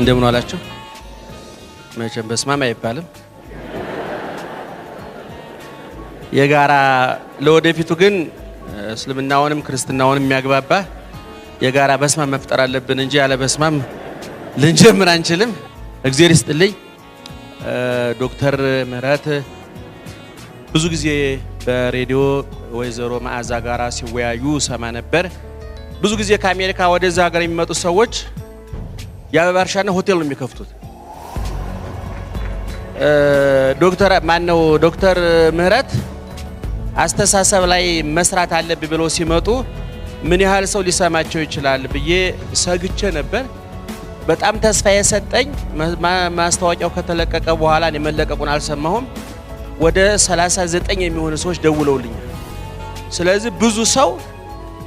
እንደምን አላችሁ? መቼም በስማም አይባልም። የጋራ ለወደፊቱ ግን እስልምናውንም ክርስትናውንም የሚያግባባ የጋራ በስማም መፍጠር አለብን እንጂ ያለ በስማም ልንጀምር አንችልም። እግዚአብሔር ይስጥልኝ። ዶክተር ምህረት ብዙ ጊዜ በሬዲዮ ወይዘሮ መዓዛ ጋራ ሲወያዩ ሰማ ነበር። ብዙ ጊዜ ከአሜሪካ ወደዛ ሀገር የሚመጡ ሰዎች የአበባ እርሻና ሆቴል ነው የሚከፍቱት። ዶክተር ማነው ዶክተር ምህረት አስተሳሰብ ላይ መስራት አለብ ብለው ሲመጡ ምን ያህል ሰው ሊሰማቸው ይችላል ብዬ ሰግቼ ነበር። በጣም ተስፋ የሰጠኝ ማስታወቂያው ከተለቀቀ በኋላ እኔ መለቀቁን አልሰማሁም። ወደ 39 የሚሆኑ ሰዎች ደውለውልኛል። ስለዚህ ብዙ ሰው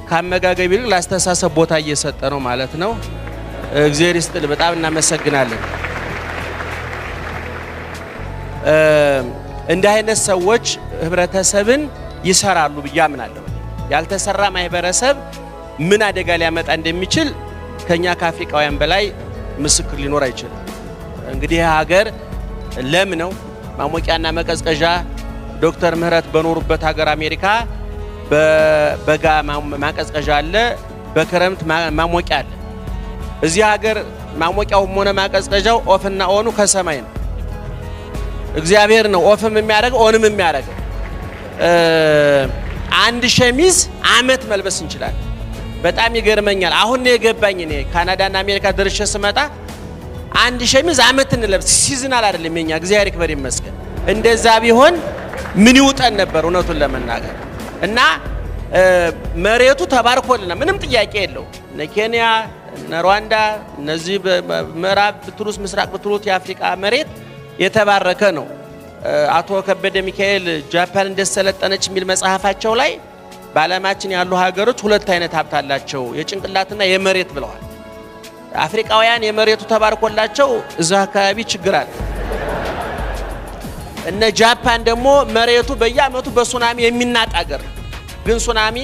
ከአመጋገብ ይልቅ ለአስተሳሰብ ቦታ እየሰጠ ነው ማለት ነው። እግዚአብሔር ይስጥል። በጣም እናመሰግናለን። እንዲህ አይነት ሰዎች ህብረተሰብን ይሰራሉ ብዬ አምናለሁ። ያልተሰራ ማህበረሰብ ምን አደጋ ሊያመጣ እንደሚችል ከኛ ከአፍሪካውያን በላይ ምስክር ሊኖር አይችልም። እንግዲህ ሀገር ለም ነው። ማሞቂያና መቀዝቀዣ ዶክተር ምህረት በኖሩበት ሀገር አሜሪካ በበጋ ማቀዝቀዣ አለ፣ በክረምት ማሞቂያ አለ። እዚህ ሀገር ማሞቂያውም ሆነ ማቀዝቀዣው ኦፍና ኦኑ ከሰማይ ነው፣ እግዚአብሔር ነው። ኦፍም የሚያደርገው ኦንም የሚያደርገው አንድ ሸሚዝ አመት መልበስ እንችላለን። በጣም ይገርመኛል። አሁን ነው የገባኝ እኔ ካናዳና አሜሪካ ደርሼ ስመጣ አንድ ሸሚዝ አመት እንለብስ። ሲዝናል አይደለም የኛ። እግዚአብሔር ይክበር ይመስገን። እንደዛ ቢሆን ምን ይውጠን ነበር እውነቱን ለመናገር እና መሬቱ ተባርኮልና ምንም ጥያቄ የለው ኬንያ እነ ሩዋንዳ እነዚህ ምዕራብ ብትሉስ ምስራቅ ብትሉት የአፍሪቃ መሬት የተባረከ ነው። አቶ ከበደ ሚካኤል ጃፓን እንደሰለጠነች የሚል መጽሐፋቸው ላይ በዓለማችን ያሉ ሀገሮች ሁለት አይነት ሀብት አላቸው፣ የጭንቅላትና የመሬት ብለዋል። አፍሪቃውያን የመሬቱ ተባርኮላቸው እዛ አካባቢ ችግር አለ። እነ ጃፓን ደግሞ መሬቱ በየአመቱ በሱናሚ የሚናጥ አገር፣ ግን ሱናሚ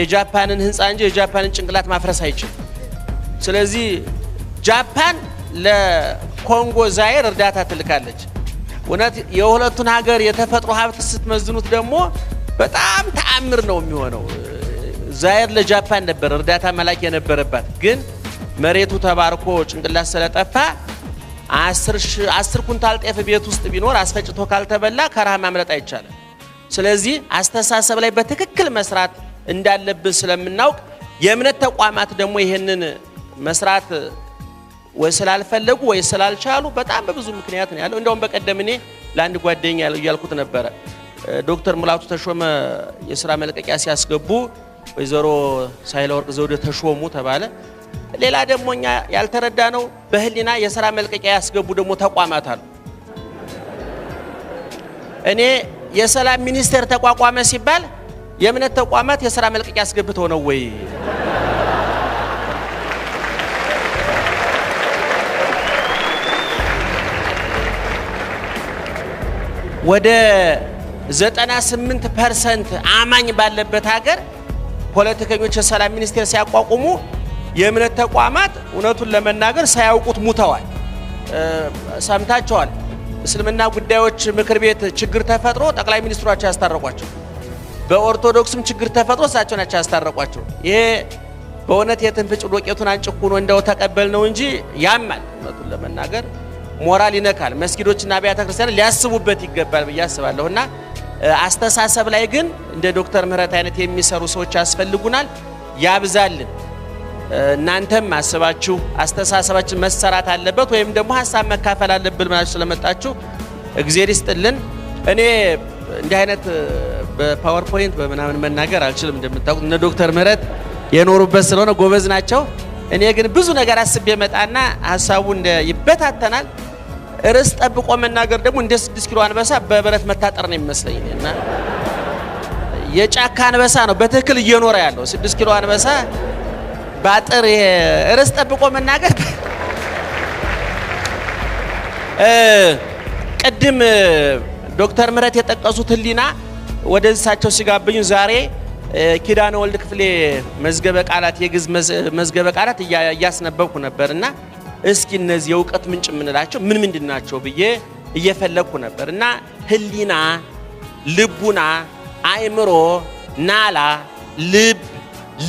የጃፓንን ህንፃ እንጂ የጃፓንን ጭንቅላት ማፍረስ አይችልም። ስለዚህ ጃፓን ለኮንጎ ዛይር እርዳታ ትልካለች። እውነት የሁለቱን ሀገር የተፈጥሮ ሀብት ስትመዝኑት ደግሞ በጣም ተአምር ነው የሚሆነው። ዛይር ለጃፓን ነበር እርዳታ መላክ የነበረባት፣ ግን መሬቱ ተባርኮ ጭንቅላት ስለጠፋ አስር ኩንታል ጤፍ ቤት ውስጥ ቢኖር አስፈጭቶ ካልተበላ ከረሃ ማምለጥ አይቻልም። ስለዚህ አስተሳሰብ ላይ በትክክል መስራት እንዳለብን ስለምናውቅ የእምነት ተቋማት ደግሞ ይህንን መስራት ወይ ስላልፈለጉ ወይ ስላልቻሉ በጣም በብዙ ምክንያት ነው ያለው። እንደውም በቀደም እኔ ለአንድ ጓደኛ እያልኩት ነበረ ዶክተር ሙላቱ ተሾመ የስራ መልቀቂያ ሲያስገቡ ወይዘሮ ወርቅ ዘውዴ ተሾሙ ተባለ። ሌላ ደግሞ እኛ ያልተረዳ ነው በህሊና የስራ መልቀቂያ ያስገቡ ደግሞ ተቋማት አሉ። እኔ የሰላም ሚኒስቴር ተቋቋመ ሲባል የእምነት ተቋማት የስራ መልቀቂያ አስገብተው ነው ወይ? ወደ 98 ፐርሰንት አማኝ ባለበት ሀገር ፖለቲከኞች የሰላም ሚኒስቴር ሲያቋቁሙ የእምነት ተቋማት እውነቱን ለመናገር ሳያውቁት ሙተዋል። ሰምታቸዋል። እስልምና ጉዳዮች ምክር ቤት ችግር ተፈጥሮ ጠቅላይ ሚኒስትሯቸው ያስታረቋቸው፣ በኦርቶዶክስም ችግር ተፈጥሮ እሳቸው ናቸው ያስታረቋቸው። ይሄ በእውነት የትንፍጭ ዶቄቱን አንጭኩ ነው እንደው ተቀበል ነው እንጂ ያማል እውነቱን ለመናገር ሞራል ይነካል። መስጊዶችና አብያተ ክርስቲያን ሊያስቡበት ይገባል ብዬ አስባለሁ እና አስተሳሰብ ላይ ግን እንደ ዶክተር ምህረት አይነት የሚሰሩ ሰዎች ያስፈልጉናል። ያብዛልን። እናንተም አስባችሁ አስተሳሰባችን መሰራት አለበት ወይም ደግሞ ሀሳብ መካፈል አለብን ብላችሁ ስለመጣችሁ እግዜር ይስጥልን። እኔ እንዲህ አይነት በፓወርፖይንት በምናምን መናገር አልችልም። እንደምታውቁት እነ ዶክተር ምህረት የኖሩበት ስለሆነ ጎበዝ ናቸው። እኔ ግን ብዙ ነገር አስቤ መጣና ሀሳቡ እንደ ይበታተናል። ርዕስ ጠብቆ መናገር ደግሞ እንደ ስድስት ኪሎ አንበሳ በብረት መታጠር ነው የሚመስለኝ እና የጫካ አንበሳ ነው በትክክል እየኖረ ያለው ስድስት ኪሎ አንበሳ በአጥር ርዕስ ጠብቆ መናገር ቅድም ዶክተር ምህረት የጠቀሱት ህሊና ወደ እሳቸው ሲጋብኙ ዛሬ ኪዳነ ወልድ ክፍሌ መዝገበ ቃላት የግዕዝ መዝገበ ቃላት እያስነበብኩ ነበር እና እስኪ እነዚህ የእውቀት ምንጭ የምንላቸው ምን ምንድን ናቸው ብዬ እየፈለግኩ ነበር እና ህሊና፣ ልቡና፣ አእምሮ፣ ናላ፣ ልብ፣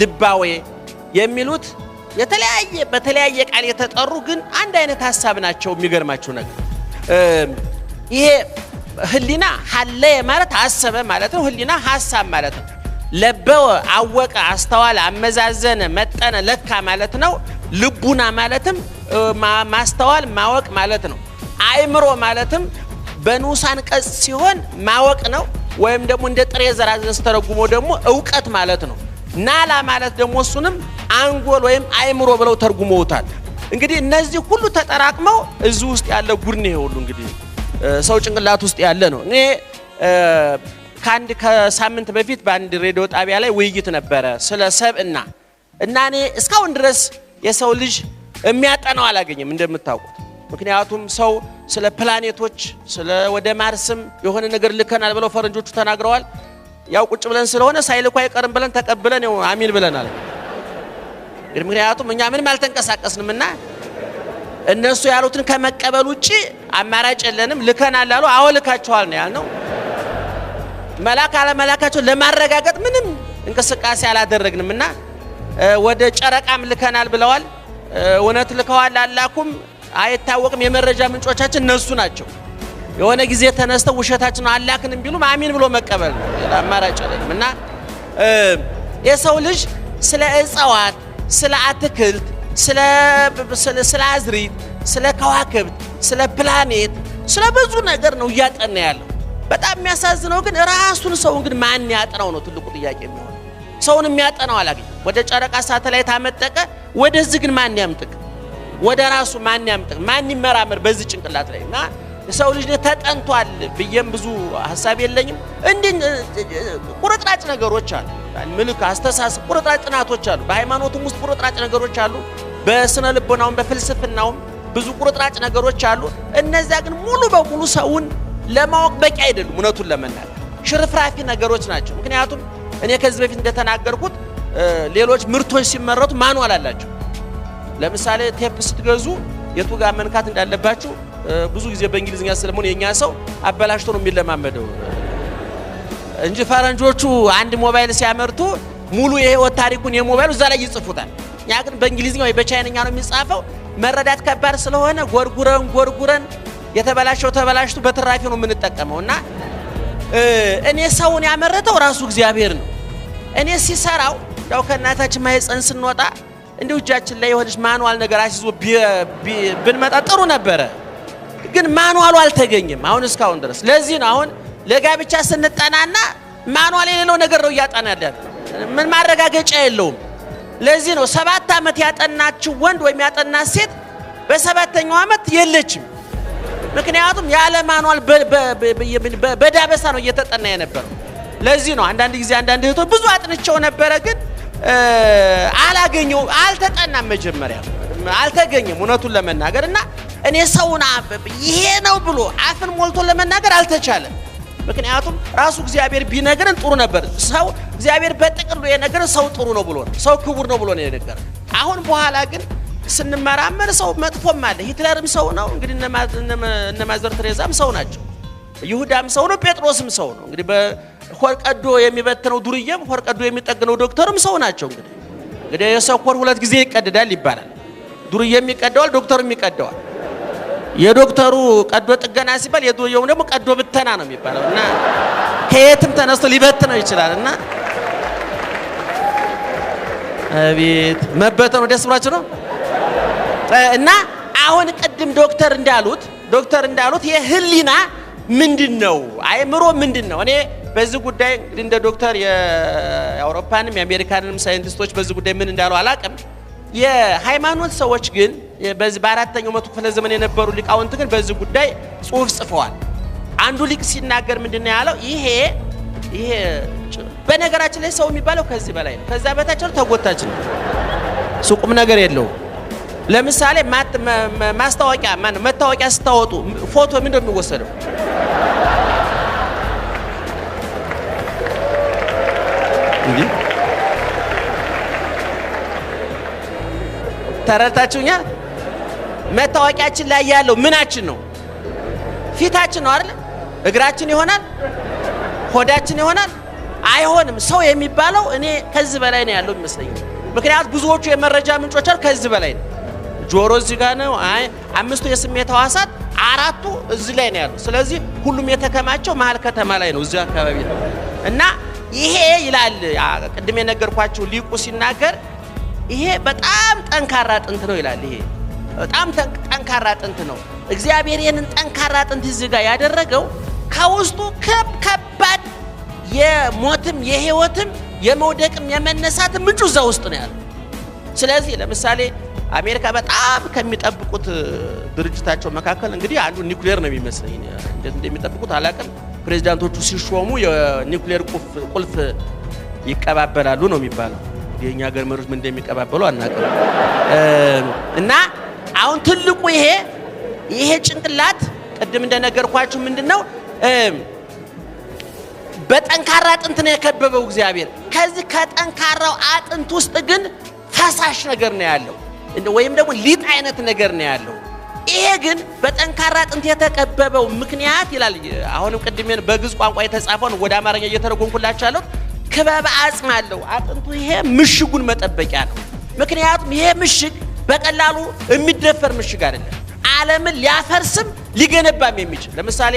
ልባዌ የሚሉት የተለያየ በተለያየ ቃል የተጠሩ ግን አንድ አይነት ሀሳብ ናቸው። የሚገርማችሁ ነገር ይሄ ህሊና ሀለየ ማለት አሰበ ማለት ነው። ህሊና ሀሳብ ማለት ነው። ለበወ አወቀ፣ አስተዋለ፣ አመዛዘነ፣ መጠነ፣ ለካ ማለት ነው። ልቡና ማለትም ማስተዋል ማወቅ ማለት ነው። አእምሮ ማለትም በንዑስ አንቀጽ ሲሆን ማወቅ ነው፣ ወይም ደግሞ እንደ ጥሬ ዘር ስተረጉሞ ደግሞ እውቀት ማለት ነው። ናላ ማለት ደግሞ እሱንም አንጎል ወይም አእምሮ ብለው ተርጉመውታል። እንግዲህ እነዚህ ሁሉ ተጠራቅመው እዚህ ውስጥ ያለ ጉድ ነው። ሁሉ እንግዲህ ሰው ጭንቅላት ውስጥ ያለ ነው። እኔ ከአንድ ከሳምንት በፊት በአንድ ሬዲዮ ጣቢያ ላይ ውይይት ነበረ ስለ ሰብእና እና እኔ እስካሁን ድረስ የሰው ልጅ የሚያጠናው አላገኘም እንደምታውቁት። ምክንያቱም ሰው ስለ ፕላኔቶች ስለ ወደ ማርስም የሆነ ነገር ልከናል ብለው ፈረንጆቹ ተናግረዋል። ያው ቁጭ ብለን ስለሆነ ሳይልኩ አይቀርም ብለን ተቀብለን ው አሚን ብለናል። ምክንያቱም እኛ ምንም አልተንቀሳቀስንም እና እነሱ ያሉትን ከመቀበል ውጭ አማራጭ የለንም። ልከናል አሉ። አዎ ልካችኋል ነው ያልነው። መላክ አለመላካቸው ለማረጋገጥ ምንም እንቅስቃሴ አላደረግንም እና ወደ ጨረቃም ልከናል ብለዋል። እውነት ልከዋል አላኩም አይታወቅም። የመረጃ ምንጮቻችን እነሱ ናቸው። የሆነ ጊዜ ተነስተው ውሸታችን አላክንም ቢሉም አሚን ብሎ መቀበል አማራጭ የለም እና የሰው ልጅ ስለ እጽዋት፣ ስለ አትክልት፣ ስለ አዝሪት፣ ስለ ከዋክብት፣ ስለ ፕላኔት፣ ስለ ብዙ ነገር ነው እያጠና ያለው። በጣም የሚያሳዝነው ግን ራሱን ሰውን ግን ማን ያጠናው ነው ትልቁ ጥያቄ የሚሆነው። ሰውን የሚያጠናው አላገኘም። ወደ ጨረቃ ሳተላይት አመጠቀ ወደዚህ ግን ማን ያምጥቅ? ወደ ራሱ ማን ያምጥቅ? ማን ይመራመር በዚህ ጭንቅላት ላይ እና ሰው ልጅ ተጠንቷል ብዬም ብዙ ሀሳብ የለኝም። እንዲህ ቁርጥራጭ ነገሮች አሉ፣ ምልክ አስተሳሰብ፣ ቁርጥራጭ ጥናቶች አሉ። በሃይማኖቱም ውስጥ ቁርጥራጭ ነገሮች አሉ። በስነ ልቦናውም በፍልስፍናውም ብዙ ቁርጥራጭ ነገሮች አሉ። እነዚያ ግን ሙሉ በሙሉ ሰውን ለማወቅ በቂ አይደሉም። እውነቱን ለመናገር ሽርፍራፊ ነገሮች ናቸው። ምክንያቱም እኔ ከዚህ በፊት እንደተናገርኩት ሌሎች ምርቶች ሲመረቱ ማኗል አላቸው። ለምሳሌ ቴፕ ስትገዙ የቱ ጋር መንካት እንዳለባችሁ ብዙ ጊዜ በእንግሊዝኛ ስለሆነ የኛ ሰው አበላሽቶ ነው የሚለማመደው እንጂ ፈረንጆቹ አንድ ሞባይል ሲያመርቱ ሙሉ የህይወት ታሪኩን የሞባይሉ እዛ ላይ ይጽፉታል። እኛ ግን በእንግሊዝኛ ወይ በቻይንኛ ነው የሚጻፈው። መረዳት ከባድ ስለሆነ ጎርጉረን ጎርጉረን የተበላሸው ተበላሽቱ በትራፊ ነው የምንጠቀመው እና እኔ ሰውን ያመረተው ራሱ እግዚአብሔር ነው። እኔ ሲሰራው ያው ከእናታችን ማህፀን ስንወጣ እንዲሁ እጃችን ላይ የሆነች ማንዋል ነገር አስይዞ ብንመጣ ጥሩ ነበረ፣ ግን ማንዋሉ አልተገኘም አሁን እስካሁን ድረስ። ለዚህ ነው አሁን ለጋብቻ ስንጠናና ማኑዋል የሌለው ነገር ነው እያጠናለን፣ ምን ማረጋገጫ የለውም። ለዚህ ነው ሰባት ዓመት ያጠናችው ወንድ ወይም ያጠናት ሴት በሰባተኛው ዓመት የለችም። ምክንያቱም ያለ ማንዋል በዳበሳ ነው እየተጠና የነበረው። ለዚህ ነው አንዳንድ ጊዜ አንዳንድ እህቶች ብዙ አጥንቸው ነበረ፣ ግን አላገኘው አልተጠናም፣ መጀመሪያ አልተገኘም። እውነቱን ለመናገር እና እኔ ሰውን ይሄ ነው ብሎ አፍን ሞልቶ ለመናገር አልተቻለም። ምክንያቱም ራሱ እግዚአብሔር ቢነግርን ጥሩ ነበር። ሰው እግዚአብሔር በጥቅሉ የነገር ሰው ጥሩ ነው ብሎ ነው፣ ሰው ክቡር ነው ብሎ ነው አሁን በኋላ ግን ስንመራመር ሰው መጥፎም አለ። ሂትለርም ሰው ነው እንግዲህ፣ እነ ማዘር ቴሬዛም ሰው ናቸው። ይሁዳም ሰው ነው። ጴጥሮስም ሰው ነው እንግዲህ ሆርቀዶ የሚበትነው ዱርዬም ሆድ የሚጠግነው ዶክተርም ሰው ናቸው። እንግዲህ እንግዲህ የሰኮር ሁለት ጊዜ ይቀድዳል ይባላል። ዱርዬም ይቀደዋል፣ ዶክተርም ይቀደዋል። የዶክተሩ ቀዶ ጥገና ሲባል የዱርዬውም ደግሞ ቀዶ ብተና ነው የሚባለው እና ከየትም ተነስቶ ሊበትነው ይችላል እና አቤት መበተኑ ደስ ብሏቸው ነው እና አሁን ቅድም ዶክተር እንዳሉት ዶክተር እንዳሉት የህሊና ምንድን ነው? አእምሮ ምንድን ነው? እኔ በዚህ ጉዳይ እንግዲህ እንደ ዶክተር የአውሮፓንም የአሜሪካንም ሳይንቲስቶች በዚህ ጉዳይ ምን እንዳሉ አላቅም። የሃይማኖት ሰዎች ግን በዚህ በአራተኛው መቶ ክፍለ ዘመን የነበሩ ሊቃውንት ግን በዚህ ጉዳይ ጽሁፍ ጽፈዋል። አንዱ ሊቅ ሲናገር ምንድን ነው ያለው? ይሄ ይሄ በነገራችን ላይ ሰው የሚባለው ከዚህ በላይ ነው፣ ከዛ በታች ነው፣ ተጎታች ነው፣ ሱቁም ነገር የለውም። ለምሳሌ ማስታወቂያ ማነው መታወቂያ ስታወጡ ፎቶ ምንድን ነው የሚወሰደው? እንዴ ተረድታችሁኛል? መታወቂያችን ላይ ያለው ምናችን ነው? ፊታችን ነው አይደል? እግራችን ይሆናል? ሆዳችን ይሆናል? አይሆንም። ሰው የሚባለው እኔ ከዚህ በላይ ነው ያለው ይመስለኝ። ምክንያቱ ብዙዎቹ የመረጃ ምንጮች አሉ ከዚህ በላይ ነው። ጆሮ እዚህ ጋር ነው። አይ አምስቱ የስሜት ሕዋሳት አራቱ እዚህ ላይ ነው ያለው። ስለዚህ ሁሉም የተከማቸው መሀል ከተማ ላይ ነው፣ እዚህ አካባቢ ነው እና ይሄ ይላል ቅድም የነገርኳችሁ ሊቁ ሲናገር ይሄ በጣም ጠንካራ ጥንት ነው ይላል። ይሄ በጣም ጠንካራ ጥንት ነው። እግዚአብሔር ይህንን ጠንካራ ጥንት እዚህ ጋር ያደረገው ከውስጡ ከብ ከባድ የሞትም የህይወትም የመውደቅም የመነሳትም ምንጩ እዛ ውስጥ ነው ያለው። ስለዚህ ለምሳሌ አሜሪካ በጣም ከሚጠብቁት ድርጅታቸው መካከል እንግዲህ አንዱ ኒውክሌር ነው የሚመስለኝ። እንደሚጠብቁት አላውቅም። ፕሬዚዳንቶቹ ሲሾሙ የኒውክሌር ቁልፍ ይቀባበላሉ ነው የሚባለው። የእኛ ሀገር መሪዎች ምን እንደሚቀባበሉ አናውቅም። እና አሁን ትልቁ ይሄ ይሄ ጭንቅላት ቅድም እንደነገርኳችሁ ምንድን ነው በጠንካራ አጥንት ነው የከበበው እግዚአብሔር። ከዚህ ከጠንካራው አጥንት ውስጥ ግን ፈሳሽ ነገር ነው ያለው ወይም ደግሞ ሊጥ አይነት ነገር ነው ያለው። ይሄ ግን በጠንካራ አጥንት የተቀበበው ምክንያት ይላል። አሁንም ቅድሜን በግዕዝ ቋንቋ የተጻፈውን ወደ አማርኛ እየተረጎምኩላችሁ ክበብ አጽም አለው። አጥንቱ ይሄ ምሽጉን መጠበቂያ ነው። ምክንያቱም ይሄ ምሽግ በቀላሉ የሚደፈር ምሽግ አይደለም። ዓለምን ሊያፈርስም ሊገነባም የሚችል ለምሳሌ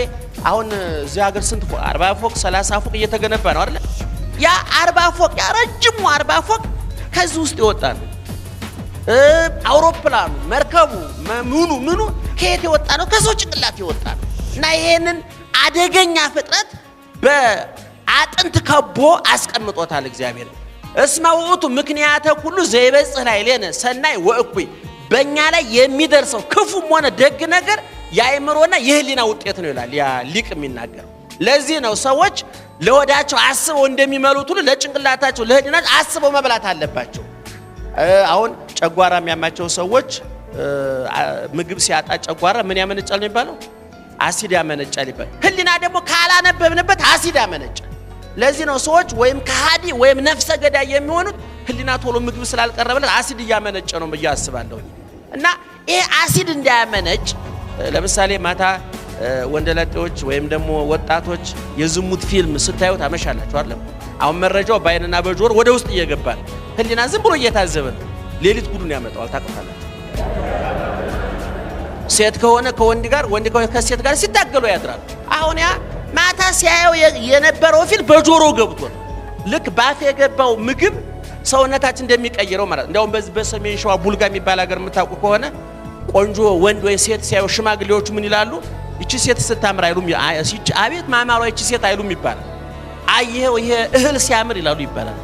አሁን እዚህ ሀገር ስንት ፎቅ? አርባ ፎቅ፣ ሰላሳ ፎቅ እየተገነባ ነው አይደለ? ያ አርባ ፎቅ ያ ረጅሙ አርባ ፎቅ ከዚህ ውስጥ ይወጣ ነው። አውሮፕላኑ፣ መርከቡ፣ ምኑ ምኑ ከየት የወጣ ነው? ከሰው ጭንቅላት የወጣ ነው እና ይሄንን አደገኛ ፍጥረት በአጥንት ከቦ አስቀምጦታል እግዚአብሔር። እስመ ውእቱ ምክንያተ ሁሉ ላይ ሌነ ሰናይ ወእኩይ በእኛ ላይ የሚደርሰው ክፉም ሆነ ደግ ነገር የአእምሮና የህሊና ውጤት ነው ይላል ያ ሊቅ የሚናገረው። ለዚህ ነው ሰዎች ለወዳቸው አስበው እንደሚመሉት ሁሉ ለጭንቅላታቸው ለህሊናቸው አስበው መብላት አለባቸው። አሁን ጨጓራ የሚያማቸው ሰዎች ምግብ ሲያጣ ጨጓራ ምን ያመነጫል ነው የሚባለው? አሲድ ያመነጫል ይባል። ህሊና ደግሞ ካላነበብንበት አሲድ ያመነጫል። ለዚህ ነው ሰዎች ወይም ከሃዲ ወይም ነፍሰ ገዳይ የሚሆኑት ህሊና ቶሎ ምግብ ስላልቀረበለት አሲድ እያመነጨ ነው ብዬ አስባለሁ። እና ይሄ አሲድ እንዳያመነጭ ለምሳሌ ማታ ወንደላጤዎች ወይም ደግሞ ወጣቶች የዝሙት ፊልም ስታዩት ታመሻላችሁ አይደለም? አሁን መረጃው በአይንና በጆሮ ወደ ውስጥ እየገባ ህሊና ዝም ብሎ እየታዘበ ነው። ሌሊት ጉዱን ያመጣዋል። ታውቃላችሁ፣ ሴት ከሆነ ከወንድ ጋር፣ ወንድ ከሆነ ከሴት ጋር ሲታገሉ ያድራል። አሁን ያ ማታ ሲያየው የነበረው ፊል በጆሮ ገብቶ ነው። ልክ ባፍ የገባው ምግብ ሰውነታችን እንደሚቀይረው ማለት እንዲያውም በዚህ በሰሜን ሸዋ ቡልጋ የሚባል ሀገር የምታውቁ ከሆነ ቆንጆ ወንድ ወይ ሴት ሲያዩ ሽማግሌዎቹ ምን ይላሉ? ይቺ ሴት ስታምር አይሉም። አቤት ማማሯ ይቺ ሴት አይሉም ይባላል። አየኸው ይሄ እህል ሲያምር ይላሉ ይባላል።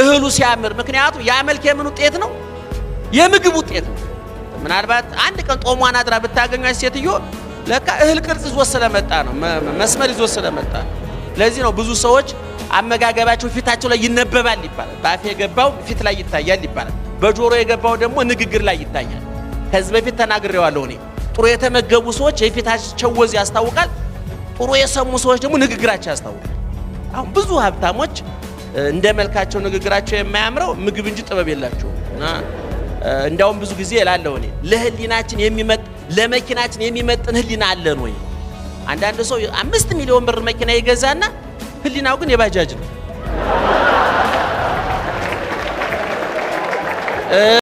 እህሉ ሲያምር። ምክንያቱም ያ የምን ውጤት ነው? የምግብ ውጤት ነው። ምናልባት አንድ ቀን ጦሟን አድራ ብታገኟት ሴትዮ ለካ እህል ቅርጽ ይዞ ስለመጣ ነው፣ መስመር ይዞ ስለመጣ ነው። ለዚህ ነው ብዙ ሰዎች አመጋገባቸው ፊታቸው ላይ ይነበባል ይባላል። በአፍ የገባው ፊት ላይ ይታያል ይባላል። በጆሮ የገባው ደግሞ ንግግር ላይ ይታያል። ከዚህ በፊት ተናግሬዋለሁ እኔ ጥሩ የተመገቡ ሰዎች የፊታቸው ወዝ ያስታውቃል። ጥሩ የሰሙ ሰዎች ደግሞ ንግግራቸው ያስታውቃል። አሁን ብዙ ሀብታሞች እንደ መልካቸው ንግግራቸው የማያምረው ምግብ እንጂ ጥበብ የላቸው እና እንዲያውም ብዙ ጊዜ እላለሁ እኔ ለህሊናችን የሚመጥ ለመኪናችን የሚመጥን ህሊና አለን ወይ? አንዳንድ ሰው አምስት ሚሊዮን ብር መኪና ይገዛና ህሊናው ግን የባጃጅ ነው።